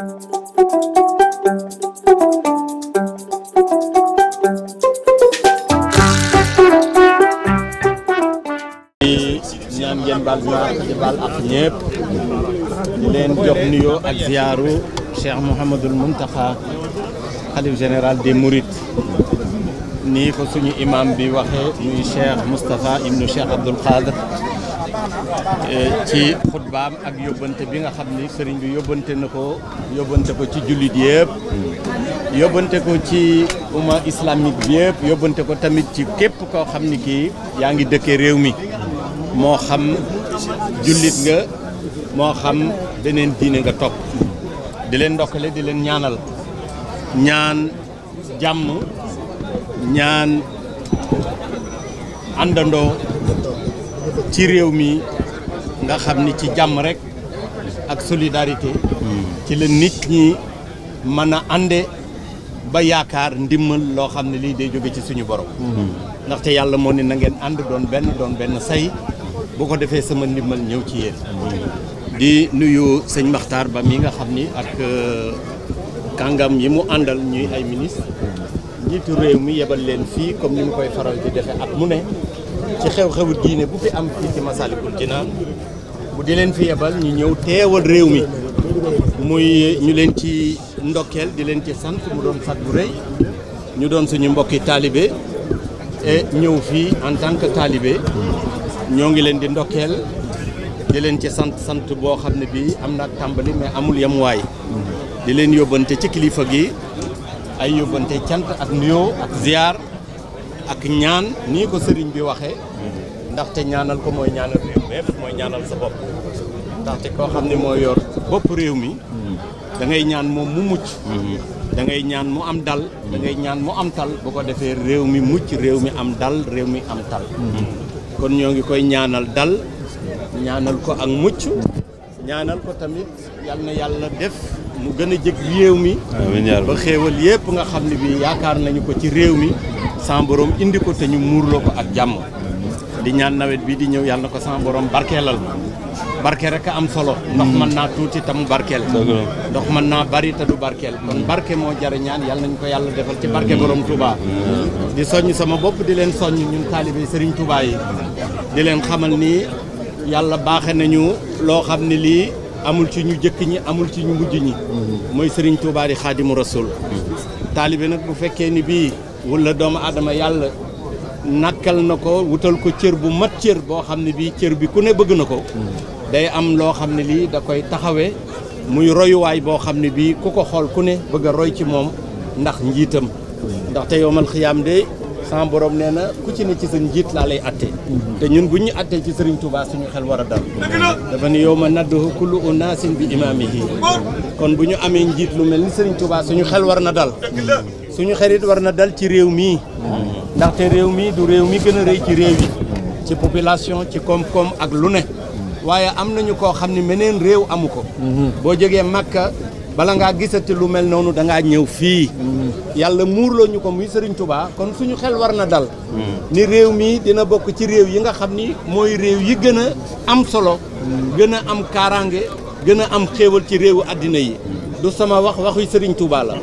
ñaan ngeen baal ma di baal ak ñëpp di leen jox nuyoo ak ziyaaru Cheikh Mouhamadul Mountakha xalif général des Mourides nii ko suñu imam bi waxe muy Cheikh Moustapha ibnu Cheikh Abdoul Khadr Eh, ci xutbaam ak yóbbante bi nga xam ni sëriñ bi yóbbante na ko yóbbante ko ci jullit yëpp yóbbante ko ci umma islamique bi yóbbante ko tamit ci képp koo xam ni kii yaa ngi dëkkee réew mi moo xam jullit nga moo xam beneen diine nga topp di leen ndokkale di leen ñaanal ñaan jàmm ñaan àndandoo ci réew mi nga xam ni ci jàmm rekk ak solidarité ci la nit ñi mën a ànde ba yaakaar ndimmal loo xam ne lii day jóge ci suñu borom ndaxte yàlla moo ne na ngeen ànd doon benn doon benn say bu ko defee sama ndimmal ñëw ci yéen di nuyu sëñ Maxtaar ba mi nga xam ni ak euh, kàngam yi mu àndal ñuy ay ministre njiitu réew mi yebal leen fii comme ni mu koy faral di defe ak mu ne ci xew-xewu diine bu fi am fii ci Massalikul Jinaan bu di leen fi yebal ñu ñëw teewal réew mi muy ñu leen ci ndokkeel di leen ci sant mu doon fat ñu doon suñu mbokki taalibe e ñëw fii en tant que taalibe ñoo ngi leen di ndokkeel di leen ci sant sant boo xam ne bii am na tàmbali mais amul yamuwaay di leen yóbbante ci kilifa gi ay yóbbante cant ak nuyoo ak ziar ak ñaan nii ko sëriñ bi waxee ndaxte ñaanal ko mooy ñaanal réew mépp mooy ñaanal sa bopp ndaxte koo xam ne moo yor bopp réew mi dangay ñaan moom mu mucc da ñaan mu am dal da ngay ñaan mu am tal bu ko defee réew mi mucc réew mi am dal réew mi am tal kon ñoo ngi koy ñaanal dal ñaanal ko ak mucc ñaanal ko tamit yal na yàlla def mu gën a jëg réew mi ba xéewal yépp nga xam ne bi yaakaar nañu ko ci réew mi sans borom indi ko te ñu muurloo ko ak jàmm di ñaan nawet bi di ñëw yàlla na ko sans borom barkeelal barke rek am solo ndox mën naa tuuti te mu barkeel ndox mën naa bari te du barkeel kon barke moo jar ñaan yàlla nañu ko yàlla defal ci barke borom Touba di soññ sama bopp di leen soññ ñun taalibe Serigne Touba yi di leen xamal ni yàlla baaxe nañu loo xam ne lii amul ci ñu jëkk ñi amul ci ñu mujj ñi mooy sëriñ Tuubaa di xaadimu rasul taalibe nag bu fekkee ni bii wala doomu aadama yàlla nàkkal na ko wutal ko cër bu mat cër boo xam ne bii cër bi ku ne bëgg na ko day am loo xam ne lii da koy taxawee muy royuwaay boo xam ne bii ku ko xool ku ne bëgg a roy ci moom ndax njiitam ndaxte yowmal xiyaam de sama borom nee na ku ci ne ci sa laa lay attee te ñun bu ñu attee ci Serigne Touba suñu xel war a dal dafa ne yow ma nadduhu kullu unaasin bi imaamihi kon bu ñu amee njiit lu mel ni Serigne Touba suñu xel war na dal suñu xarit war na dal ci réew mii te réew mii du réew mi gën a rëy ci réew ci population ci koom ak lu ne waaye am nañu koo xam ne meneen réew amu ko mhm. boo jógee Makka bala ngaa gisati lu mel noonu da ñëw fii mm. yàlla muurloo ñu ko muy Serigne Touba kon suñu xel war na dal mm. ni réew mi dina bokk ci réew yi nga xam ni mooy réew yi gën a am solo mm. gën a am kaaraange gën a am xéewal ci réewu àddina yi du sama wax waxuy sëriñ Touba la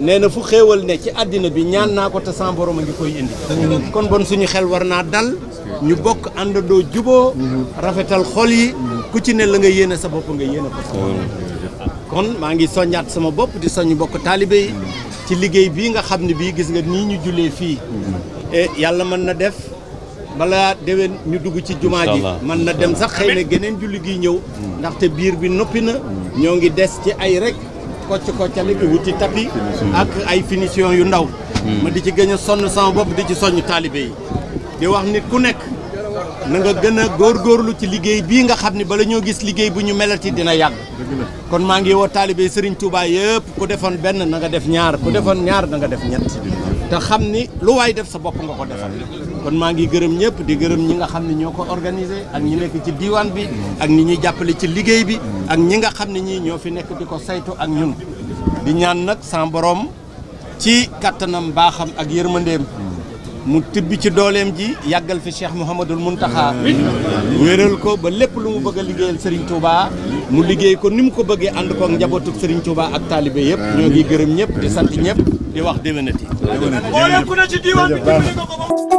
nee na fu xéewal ne ci àddina bi ñaan naa ko te sans borom a ngi koy indi kon bon suñu xel war naa dal ñu bokk àndandoo juboo rafetal xol yi ku ci ne la nga yéene sa bopp nga yéene ko sa kon maa ngi soññaat sama bopp di soññ bokk taalibe yi ci liggéey bii nga xam ne bii gis nga nii ñu jullee fii e, yàlla mën na def balaa déwén ñu dugg ci jumaa ji mën na dem sax xëy na geneen julli gi ñëw ndaxte biir bi noppi na ñoo ngi des ci ay rekk kocc koccali ki wuti tapi ak ay finition yu ndaw hmm. ma di ci gën sonn sama bopp di ci soññ taalibe yi di wax nit ku nekk na nga gën a góorgóorlu ci liggéey bii nga xam ni bala ñoo gis liggéey bu ñu melati dina yàgg kon maa ngi woo taalibe Serigne Touba yëpp ku defoon benn na nga def ñaar ku defoon ñaar na nga def ñett te xam ni lu waay def sa bopp nga ko defal kon maa ngi gërëm ñëpp di gërëm ñi nga xam ne ñoo ko organisé ak ñi nekk ci diiwaan bi ak ñi ñuy jàppale ci liggéey bi ak ñi nga xam ne ñii ñoo fi nekk di ko saytu ak ñun di ñaan nag sans borom ci kattanam baaxam ak yërmandeem mu tibb ci dooleem ji yàggal fi Cheikh Mouhamadul Mountakha wéeral ko ba lépp lu mu bëgg a liggéeyal Serigne Touba mu liggéey ko ni mu ko bëggee ànd ko ak njabootu sëriñ Touba ak taalibe yëpp ñoo ngi gërëm ñëpp di sant ñëpp di wax déwénati. déwénati ku ne ci diwaan bi